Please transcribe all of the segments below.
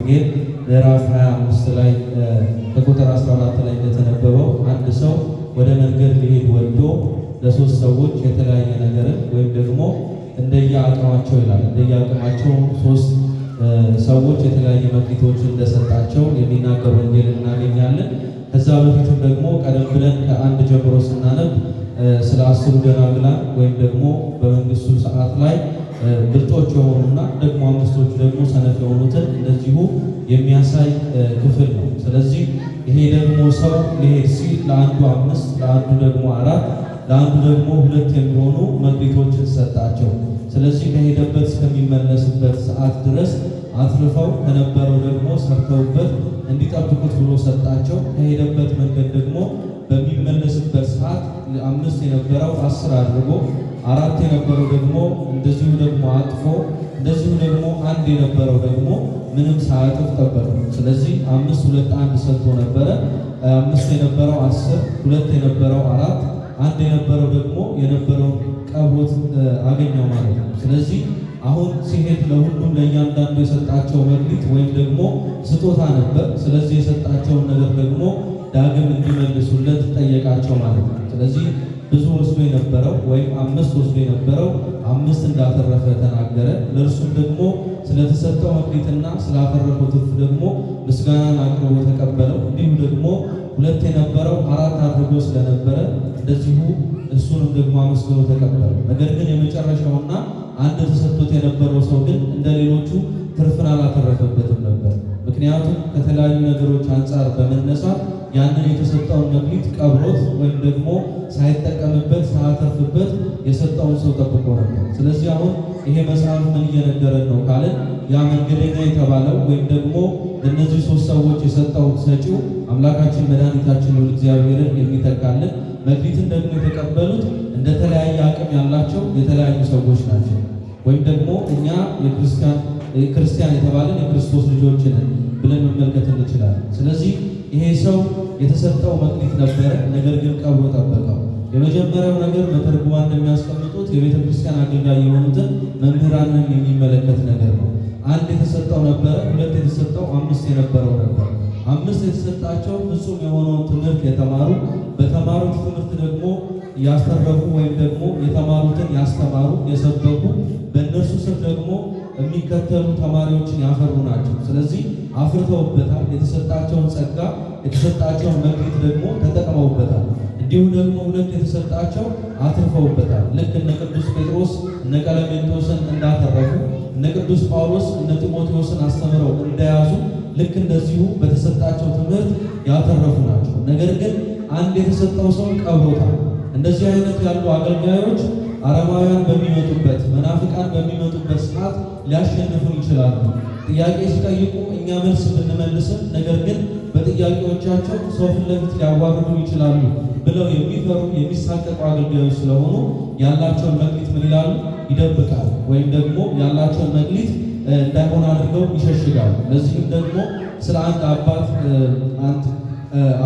ወንጌል ምዕራፍ 25 ላይ ከቁጥር 14 ላይ እንደተነበበው አንድ ሰው ወደ መንገድ ሊሄድ ወዶ ለሶስት ሰዎች የተለያየ ነገርን ወይም ደግሞ እንደየአቅማቸው ይላል እንደየአቅማቸው ሶስት ሰዎች የተለያዩ መክሊቶች እንደሰጣቸው የሚናገር ወንጌል እናገኛለን። ከዛ በፊትም ደግሞ ቀደም ብለን ከአንድ ጀምሮ ስናነብ ስለ አስሩ ደናግላን ወይም ደግሞ በመንግስቱ ሰዓት ላይ ብልጦች የሆኑና ደግሞ አምስቶቹ ደግሞ ሰነፍ የሆኑትን እንደዚሁ የሚያሳይ ክፍል ነው። ስለዚህ ይሄ ደግሞ ሰው ሊሄድ ሲል ለአንዱ አምስት፣ ለአንዱ ደግሞ አራት፣ ለአንዱ ደግሞ ሁለት የሚሆኑ መክሊቶችን ሰጣቸው። ስለዚህ ከሄደበት እስከሚመለስበት ሰዓት ድረስ አትርፈው ከነበረው ደግሞ ሰርተውበት እንዲጠብቁት ብሎ ሰጣቸው። ከሄደበት መንገድ ደግሞ በሚመለስበት ሰዓት አምስት የነበረው አስር አድርጎ አራት የነበረው ደግሞ እንደዚሁ ደግሞ አጥፎ እንደዚሁ ደግሞ አንድ የነበረው ደግሞ ምንም ሳያጥፍ ጠበቀ። ስለዚህ አምስት ሁለት አንድ ሰጥቶ ነበረ። አምስት የነበረው አስር ሁለት የነበረው አራት አንድ የነበረው ደግሞ የነበረውን ቀቦት አገኘው ማለት ነው። ስለዚህ አሁን ሲሄድ ለሁሉም ለእያንዳንዱ የሰጣቸው መክሊት ወይም ደግሞ ስጦታ ነበር። ስለዚህ የሰጣቸውን ነገር ደግሞ ዳግም እንዲመልሱለት ጠየቃቸው ማለት ነው። ስለዚህ ብዙ ወስዶ የነበረው ወይም አምስት ወስዶ የነበረው አምስት እንዳተረፈ ተናገረ። ለእርሱም ደግሞ ስለተሰጠው መክሊትና ስላፈረፈው ትርፍ ደግሞ ምስጋናን አቅርቦ ተቀበለው። እንዲሁ ደግሞ ሁለት የነበረው አራት አድርጎ ስለነበረ እንደዚሁ እሱንም ደግሞ አመስግኖ ተቀበሉ። ነገር ግን የመጨረሻውና አንድ ተሰጥቶት የነበረው ሰው ግን እንደ ሌሎቹ ትርፍን አላተረፈበትም ነበር። ምክንያቱም ከተለያዩ ነገሮች አንጻር በመነሳት ያንን የተሰጠውን መክሊት ቀብሮት ወይም ደግሞ ሳይጠቀምበት ሳያተርፍበት የሰጠውን ሰው ጠብቆ ነበር። ስለዚህ አሁን ይሄ መጽሐፍ ምን እየነገረን ነው ካለን ያ መንገደኛ የተባለው ወይም ደግሞ እነዚህ ሶስት ሰዎች የሰጠው ሰጪው አምላካችን መድኃኒታችን እግዚአብሔርን የሚተካልን መክሊትን ደግሞ የተቀበሉት እንደ ተለያየ አቅም ያላቸው የተለያዩ ሰዎች ናቸው። ወይም ደግሞ እኛ ክርስቲያን የተባለን የክርስቶስ ልጆች ነን ብለን መመልከት እንችላለን። ስለዚህ ይሄ ሰው የተሰጠው መክሊት ነበረ፣ ነገር ግን ቀብሮ ጠበቀው። የመጀመሪያው ነገር በተርጉማ እንደሚያስቀምጡት የቤተ ክርስቲያን አገልጋይ የሆኑትን መምህራንን የሚመለከት ነገር ነው። አንድ የተሰጠው ነበረ፣ ሁለት የተሰጠው፣ አምስት የነበረው ነበር። አምስት የተሰጣቸው ፍጹም የሆነውን ትምህርት የተማሩ በተማሩት ትምህርት ደግሞ ያስተረፉ ወይም ደግሞ የተማሩትን ያስተማሩ የሰበኩ በእነርሱ ስር ደግሞ የሚከተሉ ተማሪዎችን ያፈሩ ናቸው። ስለዚህ አፍርተውበታል። የተሰጣቸውን ጸጋ የተሰጣቸውን መክሊት ደግሞ ተጠቅመውበታል። እንዲሁም ደግሞ ሁለት የተሰጣቸው አትርፈውበታል። ልክ እነ ቅዱስ ጴጥሮስ እነ ቀለሜንቶስን እንዳተረፉ እነ ቅዱስ ጳውሎስ እነ ጢሞቴዎስን አስተምረው እንደያዙ ልክ እንደዚሁ በተሰጣቸው ትምህርት ያተረፉ ናቸው። ነገር ግን አንድ የተሰጠው ሰው ቀብሮታል። እንደዚህ አይነት ያሉ አገልጋዮች አረማውያን በሚመጡበት መናፍቃን በሚመጡበት ሰዓት ሊያሸንፉ ይችላሉ። ጥያቄ ሲጠይቁ እኛ መልስ ብንመልስም ነገር ግን በጥያቄዎቻቸው ሰው ፊት ለፊት ሊያዋርዱ ይችላሉ ብለው የሚፈሩ የሚሳቀቁ አገልጋዮች ስለሆኑ ያላቸውን መክሊት ምን ይላሉ? ይደብቃል ወይም ደግሞ ያላቸውን መክሊት እንዳይሆን አድርገው ይሸሽጋሉ። ለዚህም ደግሞ ስለ አንድ አባት አንድ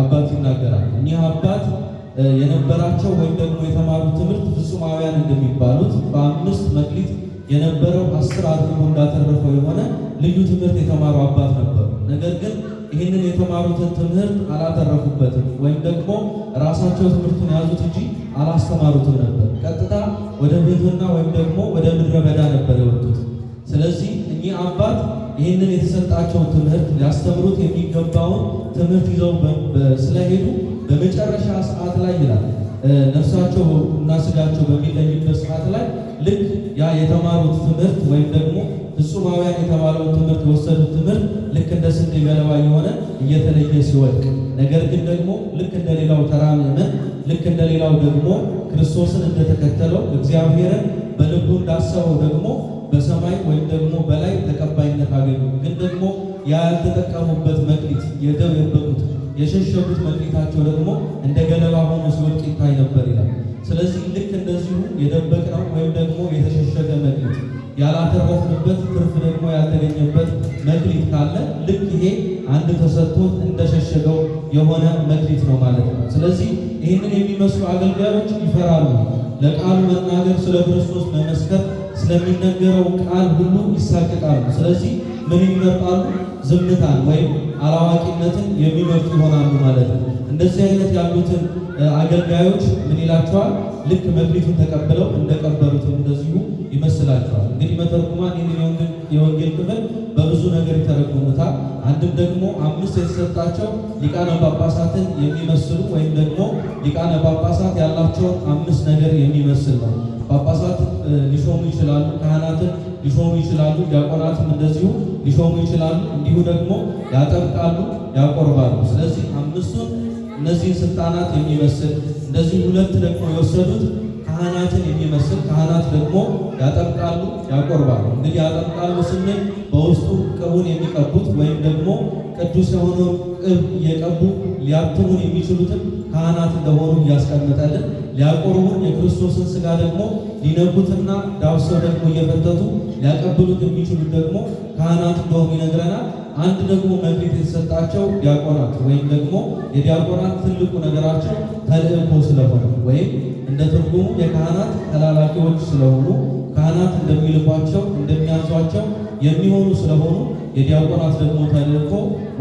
አባት ይናገራል። እኒህ አባት የነበራቸው ወይም ደግሞ የተማሩ ትምህርት ፍጹማውያን እንደሚባሉት በአምስት መክሊት የነበረው አስር አድርጎ እንዳተረፈው የሆነ ልዩ ትምህርት የተማሩ አባት ነበሩ። ነገር ግን ይህንን የተማሩትን ትምህርት አላተረፉበትም፣ ወይም ደግሞ ራሳቸው ትምህርቱን ያዙት እንጂ አላስተማሩትም ነበር። ቀጥታ ወደ ብህትና ወይም ደግሞ ወደ ምድረ በዳ ነበር አባት ይህንን የተሰጣቸውን ትምህርት ሊያስተምሩት የሚገባውን ትምህርት ይዘው ስለሄዱ በመጨረሻ ሰዓት ላይ ይላል ነፍሳቸው እና ስጋቸው በሚለይበት ሰዓት ላይ ልክ ያ የተማሩት ትምህርት ወይም ደግሞ ፍጹማውያን የተባለውን ትምህርት የወሰዱት ትምህርት ልክ እንደ ስንዴ ገለባ የሆነ እየተለየ ሲወድቅ፣ ነገር ግን ደግሞ ልክ እንደ ሌላው ተራ ምዕመን ልክ እንደ ሌላው ደግሞ ክርስቶስን እንደተከተለው እግዚአብሔርን በልቡ እንዳሰበው ደግሞ በሰማይ ወይም ደግሞ በላይ ተቀባይነት አገኙ። ግን ደግሞ ያልተጠቀሙበት መክሊት የደበቁት የሸሸጉት መክሊታቸው ደግሞ እንደ ገለባ ሆኖ ሲወድቅ ይታይ ነበር ይላል። ስለዚህ ልክ እንደዚሁ የደበቅነው ወይም ደግሞ የተሸሸገ መክሊት ያላተረፍንበት ትርፍ ደግሞ ያልተገኘበት መክሊት ካለ ልክ ይሄ አንድ ተሰጥቶ እንደሸሸገው የሆነ መክሊት ነው ማለት ነው። ስለዚህ ይህንን የሚመስሉ አገልጋዮች ይፈራሉ፣ ለቃሉ መናገር፣ ስለ ክርስቶስ መመስከር ስለሚነገረው ቃል ሁሉ ይሳቀቃሉ። ስለዚህ ምን ይመርጣሉ? ዝምታን ወይም አላዋቂነትን የሚመርጡ ይሆናሉ ማለት ነው። እንደዚህ አይነት ያሉትን አገልጋዮች ምን ይላቸዋል? ልክ መክሊቱን ተቀብለው እንደቀበሉትም እንደዚሁ ይመስላቸዋል። እንግዲህ መተርጉማን የወንጌል ክፍል በብዙ ነገር አንድም ደግሞ አምስት የተሰጣቸው ሊቃነ ጳጳሳትን የሚመስሉ ወይም ደግሞ ሊቃነ ጳጳሳት ያላቸውን አምስት ነገር የሚመስል ነው። ጳጳሳት ሊሾሙ ይችላሉ፣ ካህናትን ሊሾሙ ይችላሉ፣ ዲያቆናትም እንደዚሁ ሊሾሙ ይችላሉ። እንዲሁ ደግሞ ያጠምቃሉ፣ ያቆርባሉ። ስለዚህ አምስቱን እነዚህን ስልጣናት የሚመስል እንደዚህ ሁለት ደግሞ የወሰዱት ካህናትን የሚመስል ካህናት ደግሞ ያጠምቃሉ፣ ያቆርባሉ። እንግዲህ ያጠምቃሉ ስንል በውስጡ ቅቡን የሚቀቡት ወይም ደግሞ ቅዱስ የሆነውን ቅብ እየቀቡ ሊያትሙን የሚችሉትን ካህናት እንደሆኑ እያስቀምጠልን ሊያቆርቡን የክርስቶስን ስጋ ደግሞ ሊነኩትና ዳብሰው ደግሞ እየፈተቱ ሊያቀብሉት የሚችሉት ደግሞ ካህናት እንደሆኑ ይነግረናል። አንድ ደግሞ መክሊት የተሰጣቸው ዲያቆናት ወይም ደግሞ የዲያቆናት ትልቁ ነገራቸው ተልእኮ ስለሆነ ወይም እንደ ትርጉሙ የካህናት ተላላኪዎች ስለሆኑ ካህናት እንደሚልኳቸው እንደሚያዟቸው የሚሆኑ ስለሆኑ የዲያቆናት ደግሞ ተልእኮ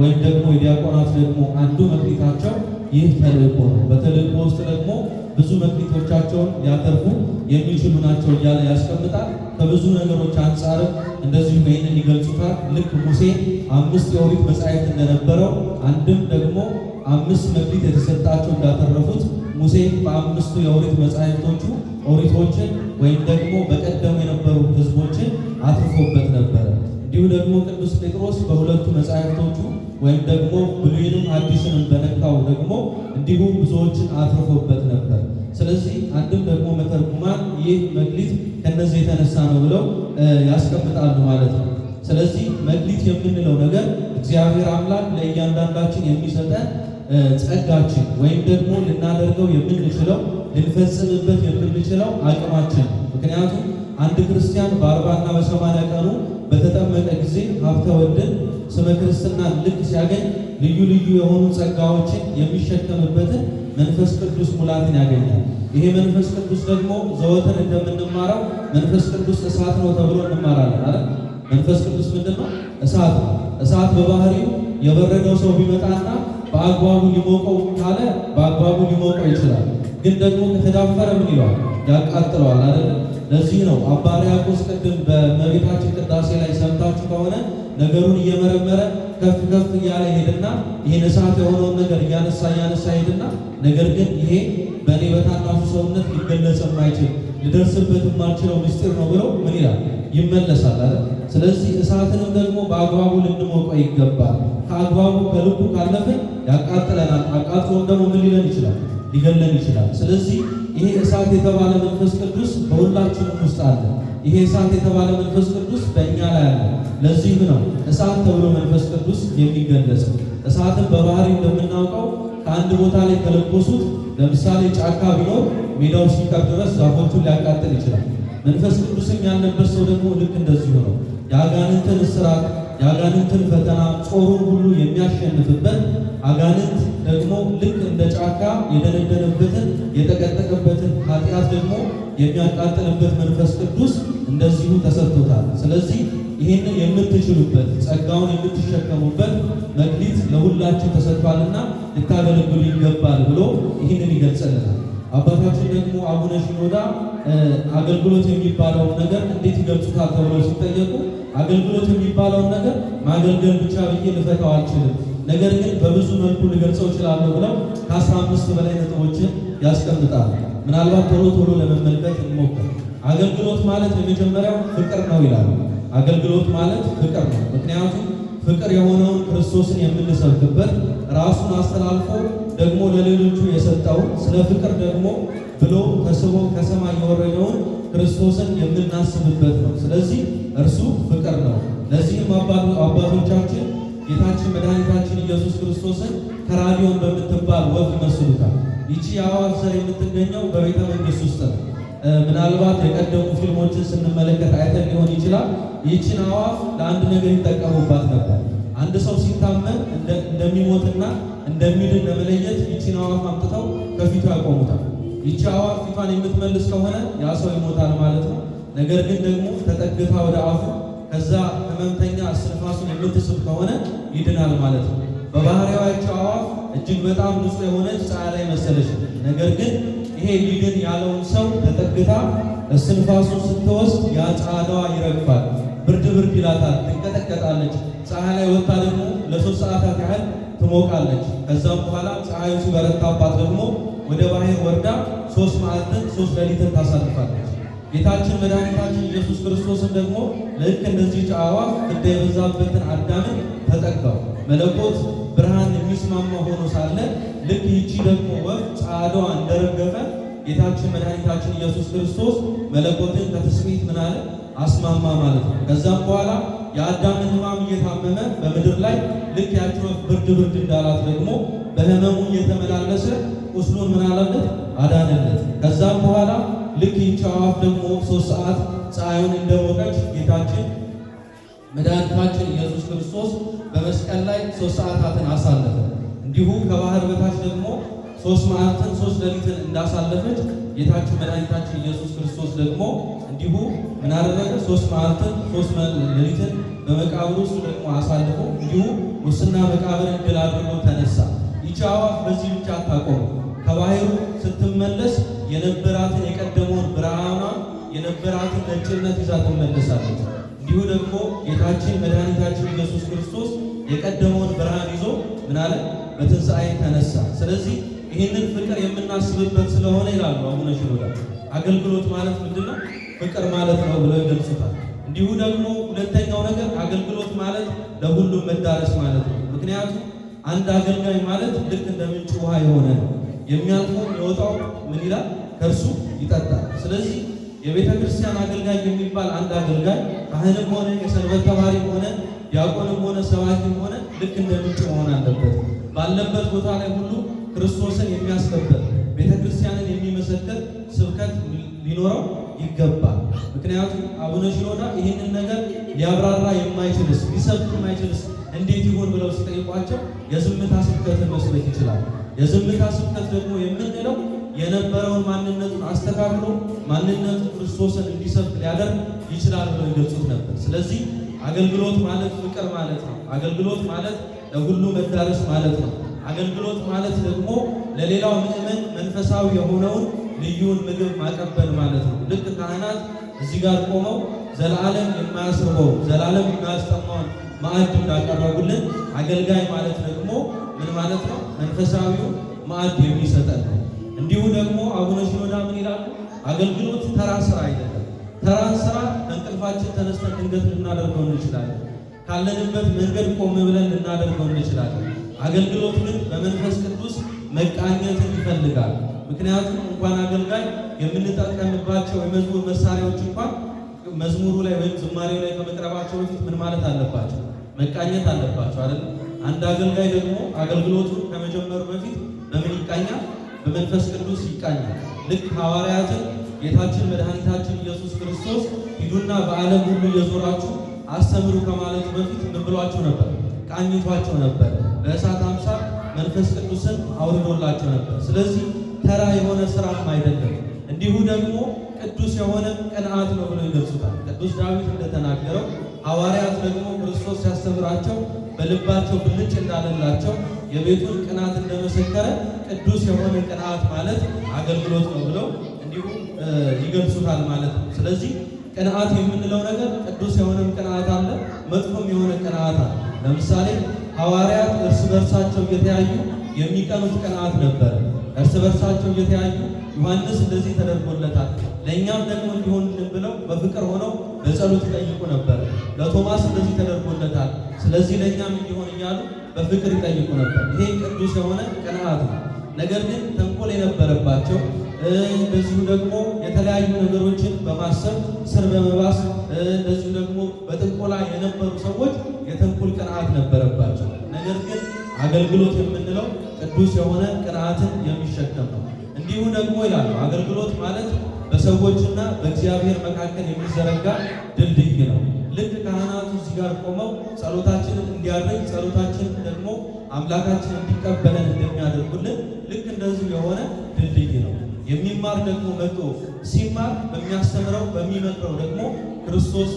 ወይም ደግሞ የዲያቆናት ደግሞ አንዱ መክሊታቸው ይህ ተልእኮ ነው። በተልእኮ ውስጥ ደግሞ ብዙ መክሊቶቻቸውን ሊያተርፉ የሚችሉ ናቸው እያለ ያስቀምጣል። ከብዙ ነገሮች አንጻርም እንደዚሁ ይህንን ይገልጹታል። ልክ ሙሴ አምስት የኦሪት መጻሕፍት እንደነበረው አንድም ደግሞ አምስት መክሊት የተሰጣቸው እንዳተረፉት ሙሴ በአምስቱ የኦሪት መጻሕፍቶቹ ኦሪቶችን ወይም ደግሞ በቀደሙ የነበሩ ህዝቦችን አትርፎበት ነበረ። እንዲሁ ደግሞ ቅዱስ ጴጥሮስ በሁለቱ መጻሕፍቶቹ ወይም ደግሞ ብሉይንም አዲስንም በነካው ደግሞ እንዲሁ ብዙዎችን አትርፎበት ነበር። ስለዚህ አንድም ደግሞ መተርጉማን ይህ መክሊት ከነዚህ የተነሳ ነው ብለው ያስቀምጣሉ ማለት ነው። ስለዚህ መክሊት የምንለው ነገር እግዚአብሔር አምላክ ለእያንዳንዳችን የሚሰጠን ጸጋችን ወይም ደግሞ ልናደርገው የምንችለው ልንፈጽምበት የምንችለው አቅማችን። ምክንያቱም አንድ ክርስቲያን በአርባና በሰማንያ ቀኑ በተጠመቀ ጊዜ ሀብተ ወልድን ስመ ክርስትና ልክ ሲያገኝ ልዩ ልዩ የሆኑ ጸጋዎችን የሚሸከምበትን መንፈስ ቅዱስ ሙላትን ያገኛል። ይሄ መንፈስ ቅዱስ ደግሞ ዘወትር እንደምንማረው መንፈስ ቅዱስ እሳት ነው ተብሎ እንማራለን አይደል? መንፈስ ቅዱስ ምንድን ነው? እሳት። እሳት በባህሪው የበረደው ሰው ቢመጣና በአግባቡ ሊሞቀው ካለ በአግባቡ ሊሞቀው ይችላል። ግን ደግሞ ከተዳፈረ ምን ይለዋል? ያቃጥለዋል አይደል? ለዚህ ነው አባ ሕርያቆስ ቅድም በእመቤታችን ቅዳሴ ላይ ሰምታችሁ ከሆነ ነገሩን እየመረመረ ከፍ ከፍ እያለ ሄድና ይሄን እሳት የሆነውን ነገር እያነሳ እያነሳ ሄድና ነገር ግን ይሄ በእኔ በታናሹ ሰውነት ሊገለጽ የማይችል ልደርስበት የማልችለው ምስጢር ነው ብለው ምን ይላል ይመለሳል አይደል? ስለዚህ እሳትንም ደግሞ በአግባቡ ልንሞቀው ይገባል። ከአግባቡ ከልቡ ካለፍን ያቃጥለናል። አቃጥሎም ደግሞ ምን ሊለን ይችላል? ሊገለን ይችላል። ስለዚህ ይሄ እሳት የተባለ መንፈስ ቅዱስ በሁላችንም ውስጥ አለ። ይሄ እሳት የተባለ መንፈስ ቅዱስ በእኛ ላይ አለ። ለዚህም ነው እሳት ተብሎ መንፈስ ቅዱስ የሚገለጸው። እሳትን በባህሪ እንደምናውቀው ከአንድ ቦታ ላይ ከለኮሱት፣ ለምሳሌ ጫካ ቢኖር ሜዳው ሲቀር ድረስ ዛፎቹን ሊያቃጥል ይችላል። መንፈስ ቅዱስም ያለበት ሰው ደግሞ ልክ እንደዚሁ ነው። የአጋንንትን ስራት የአጋንንትን ፈተና፣ ጾሩን ሁሉ የሚያሸንፍበት አጋንንት ደግሞ ልክ እንደ ጫካ የደነደነበትን የጠቀጠቀበትን ኃጢአት ደግሞ የሚያቃጥልበት መንፈስ ቅዱስ እንደዚሁ ተሰጥቶታል። ስለዚህ ይህንን የምትችሉበት ጸጋውን የምትሸከሙበት መክሊት ለሁላችሁ ተሰጥቷልና ልታገለግሉ ይገባል ብሎ ይህንን ይገልጽልናል። አባታችን ደግሞ አቡነ ሺኖዳ አገልግሎት የሚባለውን ነገር እንዴት ይገልጹታል ተብለው ሲጠየቁ አገልግሎት የሚባለውን ነገር ማገልገል ብቻ ብዬ ልፈታው አልችልም፣ ነገር ግን በብዙ መልኩ ልገልጸው እችላለሁ ብለው ከአስራ አምስት በላይ ነጥቦችን ያስቀምጣል። ምናልባት ቶሎ ቶሎ ለመመልከት እንሞክር። አገልግሎት ማለት የመጀመሪያው ፍቅር ነው ይላሉ። አገልግሎት ማለት ፍቅር ነው። ምክንያቱም ፍቅር የሆነውን ክርስቶስን የምንሰብክበት ራሱን አስተላልፎ ደግሞ ለሌሎቹ የሰጠውን ስለ ፍቅር ደግሞ ብሎ ተስቦ ከሰማይ የወረደውን ክርስቶስን የምናስብበት ነው። ስለዚህ እርሱ ፍቅር ነው። ለዚህም አባቶቻችን ጌታችን መድኃኒታችን ኢየሱስ ክርስቶስን ከራዲዮን በምትባል ወፍ ይመስሉታል። ይቺ የአእዋፍ ዘር የምትገኘው በቤተ መንግስት ውስጥ ነው። ምናልባት የቀደሙ ፊልሞችን ስንመለከት አይተን ሊሆን ይችላል። ይህችን አዋፍ ለአንድ ነገር ይጠቀሙባት ነበር። አንድ ሰው ሲታመን እንደሚሞትና እንደሚድን ለመለየት ይህችን አዋፍ አምጥተው ከፊቱ ያቆሙታል። ይቺ አዋፍ ፊቷን የምትመልስ ከሆነ ያ ሰው ይሞታል ማለት ነው። ነገር ግን ደግሞ ተጠግታ ወደ አፉ ከዛ ህመምተኛ እስትንፋሱን የምትስብ ከሆነ ይድናል ማለት ነው። በባህሪያቸው አዋፍ እጅግ በጣም ንጹሕ የሆነች ፀሐይ ላይ መሰለች ነገር ግን ይሄ ሊድን ያለውን ሰው ተጠግታ እስትንፋሱን ስትወስድ ያ ጻዳዋ ይረግፋል፣ ብርድ ብርድ ይላታል፣ ትንቀጠቀጣለች። ፀሐይ ላይ ወጥታ ደግሞ ለሶስት ሰዓታት ያህል ትሞቃለች። ከዛም በኋላ ፀሐዩ ሲበረታባት ደግሞ ወደ ባህር ወርዳ ሶስት መዓልትን ሶስት ሌሊትን ታሳልፋለች። ጌታችን መድኃኒታችን ኢየሱስ ክርስቶስን ደግሞ ልክ እንደዚህ ጨዋዋ እንደ የበዛበትን አዳምን ተጠቀው መለኮት የሚስማማ ሆኖ ሳለ ልክ ይቺ ደግሞ ወፍ ጸዓዳዋ እንደረገፈ ጌታችን መድኃኒታችን ኢየሱስ ክርስቶስ መለኮትን ከትስብእት ምን አለ አስማማ ማለት ነው። ከዛም በኋላ የአዳምን ሕማም እየታመመ በምድር ላይ ልክ ያቺ ወፍ ብርድ ብርድ እንዳላት ደግሞ በሕመሙ እየተመላለሰ ቁስሉን ምን አለለት አዳነለት። ከዛም በኋላ ልክ ይቺ አዋፍ ደግሞ ሶስት ሰዓት ፀሐዩን እንደሞቀች ጌታችን መድኃኒታችን ኢየሱስ ክርስቶስ በመስቀል ላይ ሶስት ሰዓታትን አሳለፈ። እንዲሁም ከባህር በታች ደግሞ ሶስት መዓልትን ሶስት ሌሊትን እንዳሳለፈች ጌታችን መድኃኒታችን ኢየሱስ ክርስቶስ ደግሞ እንዲሁ ምን አደረገ? ሶስት መዓልትን ሶስት ሌሊትን በመቃብር ውስጥ ደግሞ አሳልፎ እንዲሁ ውስና መቃብር ድል አድርጎ ተነሳ። ይቺ አዋፍ በዚህ ብቻ አታቆም። ከባህሩ ስትመለስ የነበራትን የቀደመውን ብርሃኗ የነበራትን ነጭነት ይዛ ትመለሳለች። እንዲሁ ደግሞ ጌታችን መድኃኒታችን ኢየሱስ ክርስቶስ የቀደመውን ብርሃን ይዞ ምናለ በትንሣኤ ተነሳ። ስለዚህ ይህንን ፍቅር የምናስብበት ስለሆነ ይላሉ አቡነ ሽኖዳ። አገልግሎት ማለት ምንድን ፍቅር ማለት ነው ብለው ይገልጹታል። እንዲሁ ደግሞ ሁለተኛው ነገር አገልግሎት ማለት ለሁሉም መዳረስ ማለት ነው። ምክንያቱም አንድ አገልጋይ ማለት ልክ እንደ ምንጭ ውሃ የሆነ ነው። የሚያልፈው የሚወጣው ምን ይላል? ከእርሱ ይጠጣል። ስለዚህ የቤተ ክርስቲያን አገልጋይ የሚባል አንድ አገልጋይ ካህንም ሆነ የሰንበት ተማሪም ሆነ ዲያቆንም ሆነ ሰባኪም ሆነ ልክ እንደ ምንጭ መሆን አለበት። ባለበት ቦታ ላይ ሁሉ ክርስቶስን የሚያስከበር ቤተ ክርስቲያንን የሚመሰክር ስብከት ሊኖረው ይገባል። ምክንያቱም አቡነ ሺኖዳ ይህንን ነገር ሊያብራራ የማይችልስ ሊሰብክ የማይችልስ እንዴት ይሆን ብለው ሲጠይቋቸው የዝምታ ስብከትን መስበክ ይችላል። የዝምታ ስብከት ደግሞ የምንለው የነበረውን ማንነቱን አስተካክሎ ማንነቱ ክርስቶስን እንዲሰብክ ሊያደርግ ይችላል ብለው ይገልጹት ነበር። ስለዚህ አገልግሎት ማለት ፍቅር ማለት ነው። አገልግሎት ማለት ለሁሉ መዳረስ ማለት ነው። አገልግሎት ማለት ደግሞ ለሌላው ምእመን መንፈሳዊ የሆነውን ልዩውን ምግብ ማቀበል ማለት ነው። ልክ ካህናት እዚህ ጋር ቆመው ዘላለም የማያስርበው ዘላለም የማያስጠማውን ማዕድ እንዳቀረቡልን አገልጋይ ማለት ደግሞ ምን ማለት ነው? መንፈሳዊው ማዕድ የሚሰጠን ነው። እንዲሁ ደግሞ አቡነ ሺኖዳ ምን ይላሉ? አገልግሎት ተራ ስራ አይደለም። ተራ ስራ እንቅልፋችን ተነስተን ድንገት ልናደርገው እንችላለን። ካለንበት መንገድ ቆም ብለን ልናደርገው እንችላለን። አገልግሎት ግን በመንፈስ ቅዱስ መቃኘትን ይፈልጋል። ምክንያቱም እንኳን አገልጋይ የምንጠቀምባቸው የመዝሙር መሳሪያዎች እንኳን መዝሙሩ ላይ ወይም ዝማሬው ላይ ከመቅረባቸው በፊት ምን ማለት አለባቸው? መቃኘት አለባቸው አይደል? አንድ አገልጋይ ደግሞ አገልግሎቱን ከመጀመሩ በፊት በምን ይቃኛል? በመንፈስ ቅዱስ ይቃኛል። ልክ ሐዋርያትን ጌታችን መድኃኒታችን ኢየሱስ ክርስቶስ ሂዱና በዓለም ሁሉ እየዞራችሁ አስተምሩ ከማለቱ በፊት ምን ብሏቸው ነበር? ቃኝቷቸው ነበር። በእሳት አምሳል መንፈስ ቅዱስን አውርዶላቸው ነበር። ስለዚህ ተራ የሆነ ስራም አይደለም። እንዲሁ ደግሞ ቅዱስ የሆነ ቅንዓት ነው ብሎ ይገልጹታል። ቅዱስ ዳዊት እንደተናገረው ሐዋርያት ደግሞ ክርስቶስ ሲያስተምራቸው በልባቸው ብልጭ እንዳለላቸው የቤቱን ቅናት እንደመሰከረ ቅዱስ የሆነ ቅንዓት ማለት አገልግሎት ነው ብለው እንዲሁም ይገልጹታል ማለት ነው። ስለዚህ ቅንዓት የምንለው ነገር ቅዱስ የሆነም ቅንዓት አለ፣ መጥፎም የሆነ ቅንዓት አለ። ለምሳሌ ሐዋርያት እርስ በርሳቸው እየተያዩ የሚቀኑት ቅንዓት ነበር። እርስ በርሳቸው እየተያዩ ዮሐንስ እንደዚህ ተደርጎለታል፣ ለእኛም ደግሞ እንዲሆንልን ብለው በፍቅር ሆነው በጸሎት ይጠይቁ ነበር። ለቶማስ እንደዚህ ተደርጎለታል፣ ስለዚህ ለእኛም እንዲሆን እያሉ በፍቅር ይጠይቁ ነበር። ይሄ ቅዱስ የሆነ ቅንዓት ነው። ነገር ግን ተንኮል የነበረባቸው እንደዚሁ ደግሞ የተለያዩ ነገሮችን በማሰብ ስር በመባስ እንደዚሁ ደግሞ በጥንቆላ የነበሩ ሰዎች የተንኮል ቅንዓት ነበረባቸው። ነገር ግን አገልግሎት የምንለው ቅዱስ የሆነ ቅንዓትን የሚሸከም ነው። እንዲሁ ደግሞ ይላሉ አገልግሎት ማለት በሰዎችና በእግዚአብሔር መካከል የሚዘረጋ ድልድይ ነው። ልክ ካህናቱ እዚህ ጋር ቆመው ጸሎታችንን እንዲያደርግ ጸሎታችንን ደግሞ አምላካችን እንዲቀበለን እንደሚያደርጉልን ልክ እንደዚሁ የሆነ ድልድይ ነው። የሚማር ደግሞ መጥቶ ሲማር በሚያስተምረው በሚመክረው ደግሞ ክርስቶስ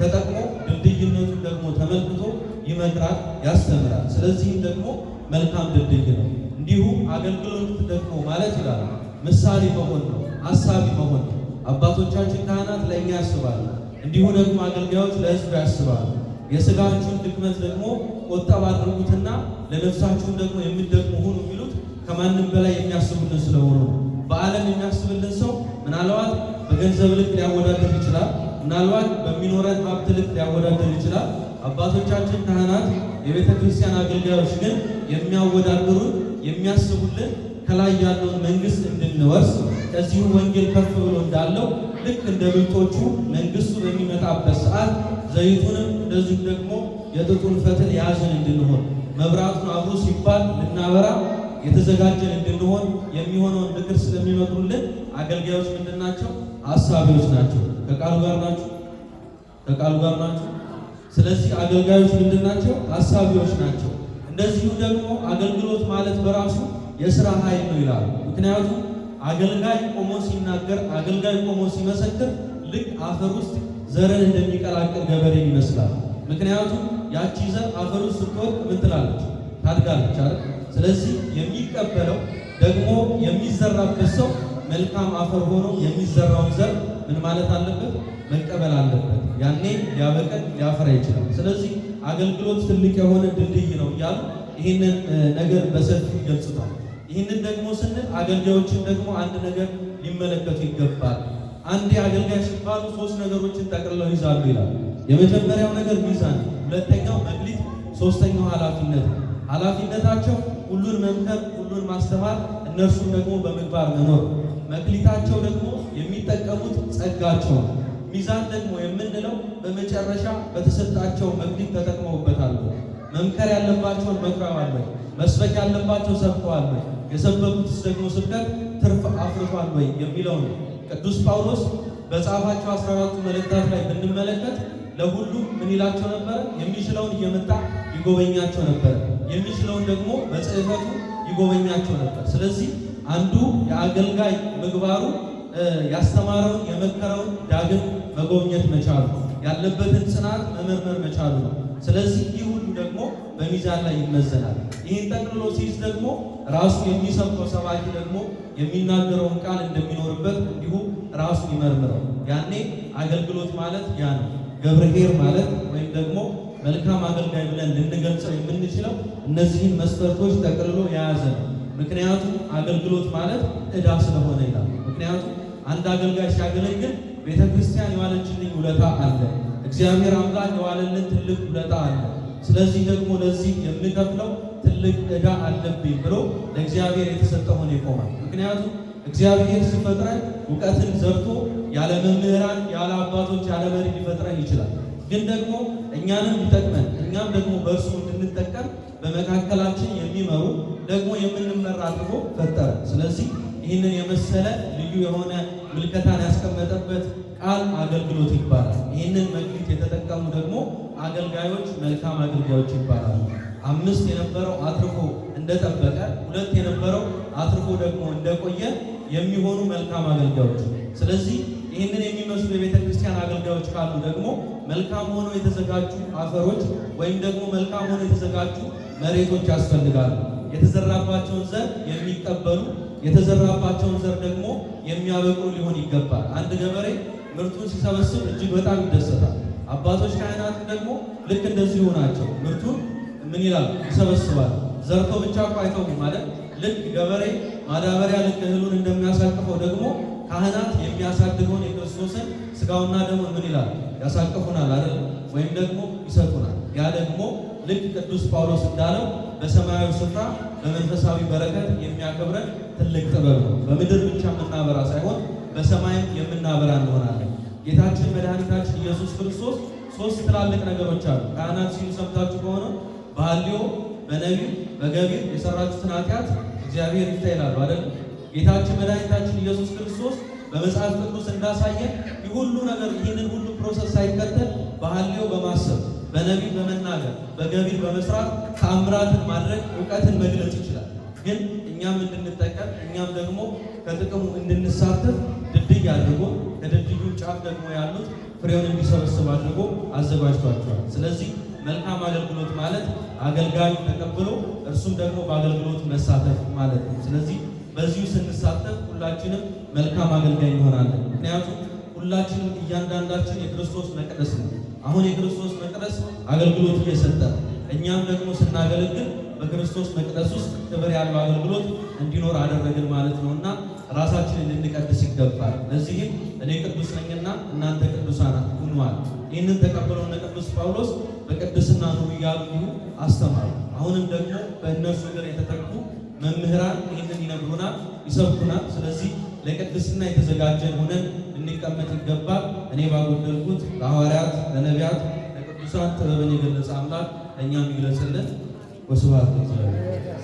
ተጠቅሞ ድልድይነቱን ደግሞ ተመልክቶ ይመክራል፣ ያስተምራል። ስለዚህም ደግሞ መልካም ድልድይ ነው። እንዲሁም አገልግሎት ደግሞ ማለት ይላል ምሳሌ መሆን ነው። አሳቢ መሆን። አባቶቻችን ካህናት ለእኛ ያስባሉ፣ እንዲሁ ደግሞ አገልጋዮች ለህዝብ ያስባሉ። የስጋችሁን ድክመት ደግሞ ቆጠብ አድርጉትና ለነፍሳችሁን ደግሞ የምትደክሙ ሁኑ የሚሉት ከማንም በላይ የሚያስቡልን ስለሆኑ ነው። በዓለም የሚያስብልን ሰው ምናልባት በገንዘብ ልክ ሊያወዳደር ይችላል። ምናልባት በሚኖረን ሀብት ልክ ሊያወዳደር ይችላል። አባቶቻችን ካህናት፣ የቤተ ክርስቲያን አገልጋዮች ግን የሚያወዳድሩን የሚያስቡልን ከላይ ያለውን መንግስት እንድንወርስ እዚሁ ወንጌል ከፍ ብሎ እንዳለው ልክ እንደ ብልቶቹ መንግስቱ በሚመጣበት ሰዓት ዘይቱንም እንደዚሁም ደግሞ የጥጡን ፈትል የያዝን እንድንሆን መብራቱን አብሮ ሲባል ልናበራ የተዘጋጀን እንድንሆን የሚሆነውን ምክር ስለሚመክሩልን አገልጋዮች ምንድን ናቸው? አሳቢዎች ናቸው። ከቃሉ ጋር ናቸው። ከቃሉ ጋር ናቸው። ስለዚህ አገልጋዮች ምንድን ናቸው? አሳቢዎች ናቸው። እንደዚሁ ደግሞ አገልግሎት ማለት በራሱ የስራ ኃይል ነው ይላሉ። ምክንያቱም አገልጋይ ቆሞ ሲናገር፣ አገልጋይ ቆሞ ሲመሰክር ልክ አፈር ውስጥ ዘርን እንደሚቀላቅል ገበሬን ይመስላል። ምክንያቱም ያቺ ዘር አፈር ውስጥ ስትወድቅ ምን ትላለች? ታድጋለች አይደል? ስለዚህ የሚቀበለው ደግሞ የሚዘራበት ሰው መልካም አፈር ሆኖ የሚዘራውን ዘር ምን ማለት አለበት? መቀበል አለበት። ያኔ ሊያበቀል ሊያፈራ ይችላል። ስለዚህ አገልግሎት ትልቅ የሆነ ድልድይ ነው እያሉ ይህንን ነገር በሰፊ ይገልጹታል። ይህንን ደግሞ ስንል አገልጋዮችን ደግሞ አንድ ነገር ሊመለከቱ ይገባል። አንድ አገልጋይ ሲባሉ ሶስት ነገሮችን ጠቅልለው ይዛሉ ይላል። የመጀመሪያው ነገር ሚዛን፣ ሁለተኛው መክሊት፣ ሶስተኛው ኃላፊነት። ኃላፊነታቸው ሁሉን መምከር፣ ሁሉን ማስተማር፣ እነርሱም ደግሞ በምግባር መኖር። መክሊታቸው ደግሞ የሚጠቀሙት ጸጋቸው። ሚዛን ደግሞ የምንለው በመጨረሻ በተሰጣቸው መክሊት ተጠቅመውበታል። መምከር ያለባቸውን መክረዋል። መስበክ ያለባቸው ሰብከዋል። የሰበኩትስ ደግሞ ስብከት ትርፍ አፍርቷል ወይ የሚለው ነው። ቅዱስ ጳውሎስ በጻፋቸው 14ቱ መልእክታት ላይ ብንመለከት ለሁሉም ምን ይላቸው ነበረ? የሚችለውን እየመጣ ይጎበኛቸው ነበር። የሚችለውን ደግሞ በጽህፈቱ ይጎበኛቸው ነበር። ስለዚህ አንዱ የአገልጋይ ምግባሩ ያስተማረውን የመከረውን ዳግም መጎብኘት መቻሉ፣ ያለበትን ጽናት መመርመር መቻሉ ነው። ስለዚህ ይህ ሁሉ ደግሞ በሚዛን ላይ ይመዘናል። ይህን ጠቅልሎ ሲይዝ ደግሞ ራሱ የሚሰብከው ሰባኪ ደግሞ የሚናገረውን ቃል እንደሚኖርበት እንዲሁ ራሱ ይመርምረው። ያኔ አገልግሎት ማለት ያ ነው። ገብርሄር ማለት ወይም ደግሞ መልካም አገልጋይ ብለን ልንገልጸው የምንችለው እነዚህን መስፈርቶች ጠቅልሎ የያዘ ነው። ምክንያቱም አገልግሎት ማለት እዳ ስለሆነ ይላል። ምክንያቱም አንድ አገልጋይ ሲያገለግል ቤተ ክርስቲያን የዋለችልኝ ውለታ አለ፣ እግዚአብሔር አምላክ የዋለልን ትልቅ ውለታ አለ። ስለዚህ ደግሞ ለዚህ የምከፍለው ትልቅ ዕዳ አለብኝ ብሎ ለእግዚአብሔር የተሰጠውን ይቆማል። ምክንያቱም እግዚአብሔር ሲፈጥረን እውቀትን ዘርቶ ያለ መምህራን፣ ያለ አባቶች፣ ያለ መሪ ሊፈጥረን ይችላል። ግን ደግሞ እኛንም ሊጠቅመን እኛም ደግሞ በእርሱ እንድንጠቀም በመካከላችን የሚመሩ ደግሞ የምንመራ አድርጎ ፈጠረ። ስለዚህ ይህንን የመሰለ ልዩ የሆነ ምልከታን ያስቀመጠበት ቃል አገልግሎት ይባላል። ይህንን መክሊት የተጠቀሙ ደግሞ አገልጋዮች መልካም አገልጋዮች ይባላሉ። አምስት የነበረው አትርፎ እንደጠበቀ፣ ሁለት የነበረው አትርፎ ደግሞ እንደቆየ የሚሆኑ መልካም አገልጋዮች። ስለዚህ ይህንን የሚመስሉ የቤተ ክርስቲያን አገልጋዮች ካሉ ደግሞ መልካም ሆነው የተዘጋጁ አፈሮች ወይም ደግሞ መልካም ሆነው የተዘጋጁ መሬቶች ያስፈልጋሉ። የተዘራባቸውን ዘር የሚቀበሉ የተዘራባቸውን ዘር ደግሞ የሚያበቅሉ ሊሆን ይገባል። አንድ ገበሬ ምርቱን ሲሰበስብ እጅግ በጣም ይደሰታል። አባቶች ካህናት ደግሞ ልክ እንደዚሁ ናቸው። ምርቱን ምን ይላል? ይሰበስባል። ዘርቶ ብቻ እኮ አይተውም ማለት ልክ ገበሬ ማዳበሪያ ልክ እህሉን እንደሚያሳቅፈው ደግሞ ካህናት የሚያሳድገውን የክርስቶስን ስጋውና ደግሞ ምን ይላል? ያሳቅፉናል አይደል? ወይም ደግሞ ይሰጡናል። ያ ደግሞ ልክ ቅዱስ ጳውሎስ እንዳለው በሰማያዊ ስፍራ በመንፈሳዊ በረከት የሚያከብረን ትልቅ ጥበብ ነው። በምድር ብቻ የምናበራ ሳይሆን በሰማይም የምናበራ እንሆናለን። ጌታችን መድኃኒታችን ኢየሱስ ክርስቶስ ሶስት ትላልቅ ነገሮች አሉ። ካህናት ሲሉ ሰምታችሁ ከሆነ በአልዮ በነቢ በገቢር የሰራችሁትን ኃጢአት እግዚአብሔር ይፍታ ይላሉ አይደል? ጌታችን መድኃኒታችን ኢየሱስ ክርስቶስ በመጽሐፍ ቅዱስ እንዳሳየን ይህ ሁሉ ነገር ይህንን ሁሉ ፕሮሰስ ሳይከተል በአልዮ በማሰብ በነቢ በመናገር በገቢር በመስራት ተአምራትን ማድረግ እውቀትን መግለጽ ይችላል። ግን እኛም እንድንጠቀም እኛም ደግሞ ከጥቅሙ እንድንሳተፍ ድልድይ አድርጎ ከድልድዩ ጫፍ ደግሞ ያሉት ፍሬውን እንዲሰበስብ አድርጎ አዘጋጅቷቸዋል። ስለዚህ መልካም አገልግሎት ማለት አገልጋዩ ተቀብሎ እርሱም ደግሞ በአገልግሎት መሳተፍ ማለት ነው። ስለዚህ በዚሁ ስንሳተፍ ሁላችንም መልካም አገልጋይ እንሆናለን። ምክንያቱም ሁላችንም እያንዳንዳችን የክርስቶስ መቅደስ ነው። አሁን የክርስቶስ መቅደስ አገልግሎት እየሰጠ እኛም ደግሞ ስናገለግል በክርስቶስ መቅደስ ውስጥ ክብር ያለው አገልግሎት እንዲኖር አደረግን ማለት ነውና ራሳችን ልንቀድስ ይገባል። ለዚህም እኔ ቅዱስ ነኝና እናንተ ቅዱሳን ሁኗል። ይህንን ተቀብለው እነ ቅዱስ ጳውሎስ በቅድስና ኑ እያሉ አስተማሩ። አሁንም ደግሞ በእነሱ እግር የተተኩ መምህራን ይህንን ይነግሩናል፣ ይሰብኩናል። ስለዚህ ለቅድስና የተዘጋጀን ሆነን እንቀመጥ ይገባል። እኔ ባጎደልኩት ለሐዋርያት፣ ለነቢያት፣ ለቅዱሳን ጥበብን የገለጸ አምላክ ለእኛም ይግለጽልን። ወስብሐት ለእግዚአብሔር።